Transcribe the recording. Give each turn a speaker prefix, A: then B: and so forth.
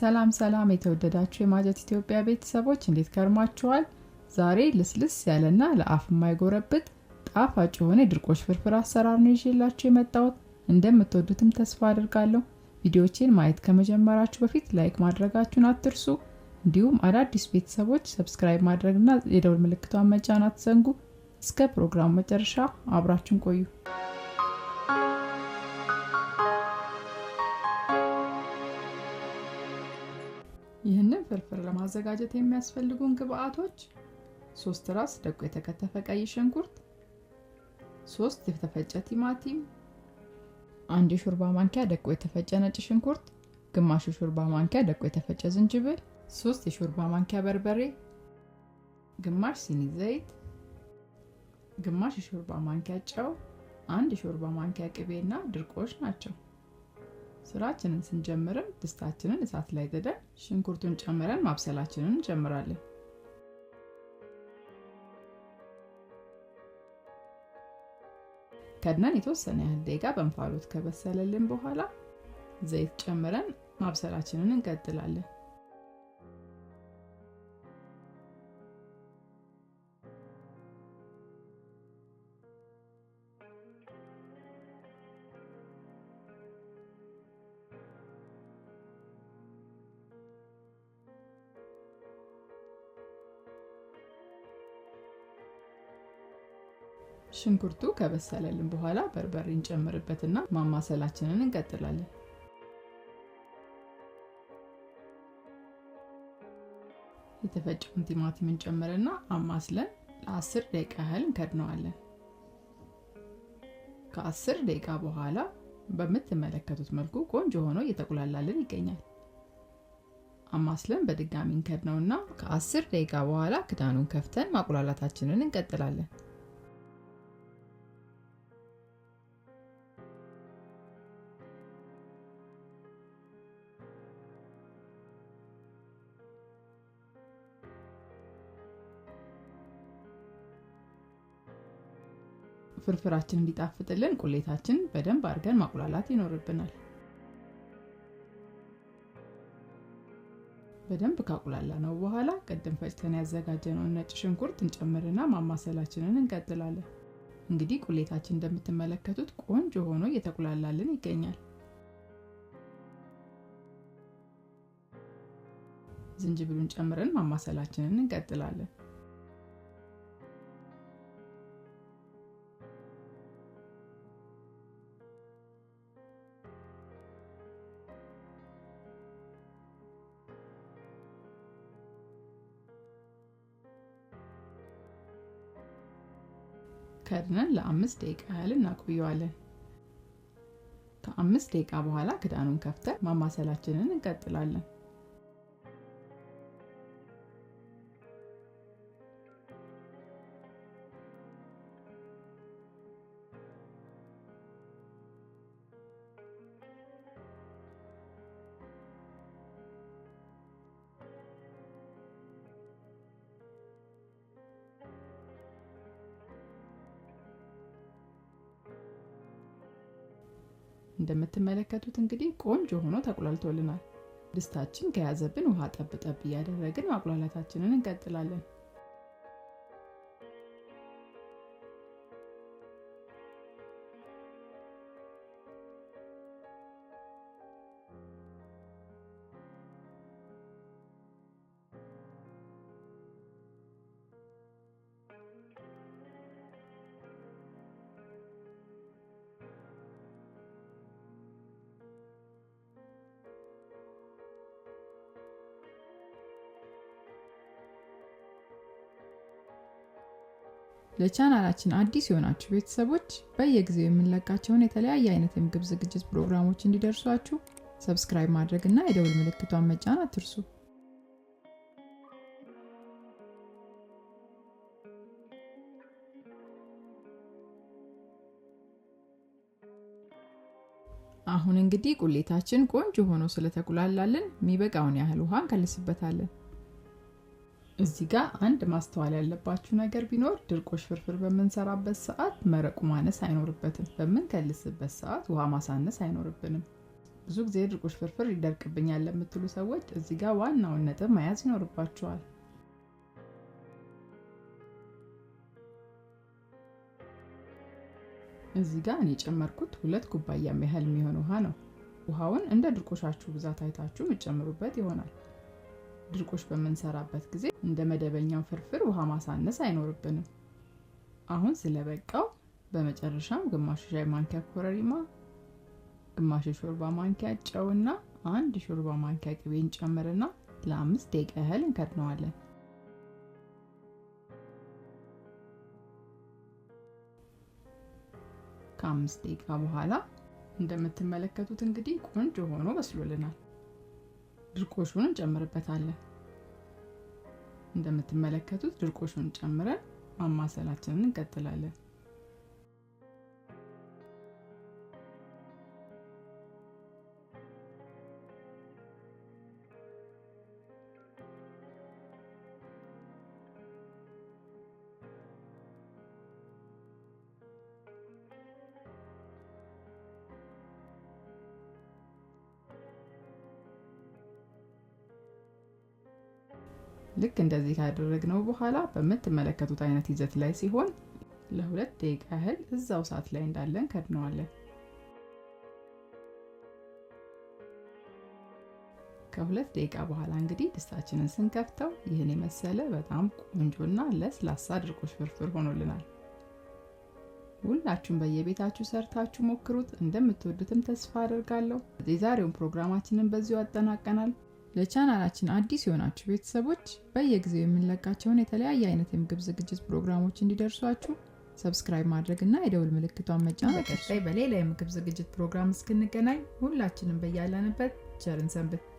A: ሰላም ሰላም የተወደዳችሁ የማጀት ኢትዮጵያ ቤተሰቦች እንዴት ከርማችኋል? ዛሬ ልስልስ ያለና ለአፍ የማይጎረብጥ ጣፋጭ የሆነ የድርቆች ፍርፍር አሰራር ነው ይዤላችሁ የመጣሁት። እንደምትወዱትም ተስፋ አድርጋለሁ። ቪዲዮቼን ማየት ከመጀመራችሁ በፊት ላይክ ማድረጋችሁን አትርሱ። እንዲሁም አዳዲስ ቤተሰቦች ሰብስክራይብ ማድረግና የደውል ምልክቷን መጫን አትዘንጉ። እስከ ፕሮግራሙ መጨረሻ አብራችን ቆዩ። ይህንን ፍርፍር ለማዘጋጀት የሚያስፈልጉን ግብአቶች ሶስት ራስ ደቆ የተከተፈ ቀይ ሽንኩርት፣ ሶስት የተፈጨ ቲማቲም፣ አንድ የሾርባ ማንኪያ ደቆ የተፈጨ ነጭ ሽንኩርት፣ ግማሽ የሾርባ ማንኪያ ደቆ የተፈጨ ዝንጅብል፣ ሶስት የሾርባ ማንኪያ በርበሬ፣ ግማሽ ሲኒ ዘይት፣ ግማሽ የሾርባ ማንኪያ ጨው፣ አንድ የሾርባ ማንኪያ ቅቤና ድርቆሽ ናቸው። ስራችንን ስንጀምርም ድስታችንን እሳት ላይ ጥደን ሽንኩርቱን ጨምረን ማብሰላችንን እንጀምራለን። ከድነን የተወሰነ ያህል ደቂቃ በእንፋሎት ከበሰለልን በኋላ ዘይት ጨምረን ማብሰላችንን እንቀጥላለን። ሽንኩርቱ ከበሰለልን በኋላ በርበሬ እንጨምርበትና ማማሰላችንን እንቀጥላለን። የተፈጨውን ቲማቲም እንጨምርና አማስለን ለአስር ደቂቃ ያህል እንከድነዋለን። ከአስር ደቂቃ በኋላ በምትመለከቱት መልኩ ቆንጆ ሆኖ እየተቁላላልን ይገኛል። አማስለን በድጋሚ እንከድነውና ከአስር ደቂቃ በኋላ ክዳኑን ከፍተን ማቁላላታችንን እንቀጥላለን። ፍርፍራችን እንዲጣፍጥልን ቁሌታችን በደንብ አድርገን ማቁላላት ይኖርብናል። በደንብ ካቁላላ ነው በኋላ ቅድም ፈጭተን ያዘጋጀነውን ነጭ ሽንኩርት እንጨምርና ማማሰላችንን እንቀጥላለን። እንግዲህ ቁሌታችን እንደምትመለከቱት ቆንጆ ሆኖ እየተቁላላልን ይገኛል። ዝንጅብሉን ጨምረን ማማሰላችንን እንቀጥላለን። ከድነን ለአምስት ደቂቃ ያህል እናቆየዋለን። ከአምስት ደቂቃ በኋላ ክዳኑን ከፍተን ማማሰላችንን እንቀጥላለን። እንደምትመለከቱት እንግዲህ ቆንጆ ሆኖ ተቁላልቶልናል። ድስታችን ከያዘብን ውሃ ጠብ ጠብ እያደረግን ማቁላላታችንን እንቀጥላለን። ለቻናላችን አዲስ የሆናችሁ ቤተሰቦች በየጊዜው የምንለቃቸውን የተለያየ አይነት የምግብ ዝግጅት ፕሮግራሞች እንዲደርሷችሁ ሰብስክራይብ ማድረግ እና የደውል ምልክቷን መጫን አትርሱ። አሁን እንግዲህ ቁሌታችን ቆንጆ ሆኖ ስለተቁላላልን የሚበቃውን ያህል ውሃ እንከልስበታለን። እዚህ ጋር አንድ ማስተዋል ያለባችሁ ነገር ቢኖር ድርቆሽ ፍርፍር በምንሰራበት ሰዓት መረቁ ማነስ አይኖርበትም። በምንከልስበት ሰዓት ውሃ ማሳነስ አይኖርብንም። ብዙ ጊዜ ድርቆሽ ፍርፍር ይደርቅብኛል ለምትሉ ሰዎች እዚህ ጋር ዋናውን ነጥብ መያዝ ይኖርባችኋል። እዚህ ጋር እኔ ጨመርኩት ሁለት ኩባያም ያህል የሚሆን ውሃ ነው። ውሃውን እንደ ድርቆሻችሁ ብዛት አይታችሁ የምጨምሩበት ይሆናል። ድርቆች በምንሰራበት ጊዜ እንደ መደበኛው ፍርፍር ውሃ ማሳነስ አይኖርብንም። አሁን ስለበቃው በመጨረሻም ግማሽ ሻይ ማንኪያ ኮረሪማ፣ ግማሽ የሾርባ ማንኪያ ጨው እና አንድ የሾርባ ማንኪያ ቅቤን ጨምርና ለአምስት ደቂቃ ያህል እንከድነዋለን። ከአምስት ደቂቃ በኋላ እንደምትመለከቱት እንግዲህ ቆንጆ ሆኖ መስሎልናል። ድርቆሹን እንጨምርበታለን። እንደምትመለከቱት ድርቆሹን ጨምረን ማማሰላችንን እንቀጥላለን። ልክ እንደዚህ ካደረግነው በኋላ በምትመለከቱት አይነት ይዘት ላይ ሲሆን ለሁለት ደቂቃ ያህል እዛው ሰዓት ላይ እንዳለን ከድነዋለን። ከሁለት ደቂቃ በኋላ እንግዲህ ድስታችንን ስንከፍተው ይህን የመሰለ በጣም ቆንጆና ለስላሳ ድርቆሽ ፍርፍር ሆኖልናል። ሁላችሁም በየቤታችሁ ሰርታችሁ ሞክሩት። እንደምትወዱትም ተስፋ አደርጋለሁ። የዛሬውን ፕሮግራማችንን በዚሁ አጠናቀናል። ለቻናላችን አዲስ የሆናችሁ ቤተሰቦች በየጊዜው የምንለቃቸውን የተለያየ አይነት የምግብ ዝግጅት ፕሮግራሞች እንዲደርሷችሁ ሰብስክራይብ ማድረግ እና የደውል ምልክቷን መጫን። በሌላ የምግብ ዝግጅት ፕሮግራም እስክንገናኝ ሁላችንም በያለንበት ቸርን ሰንብት።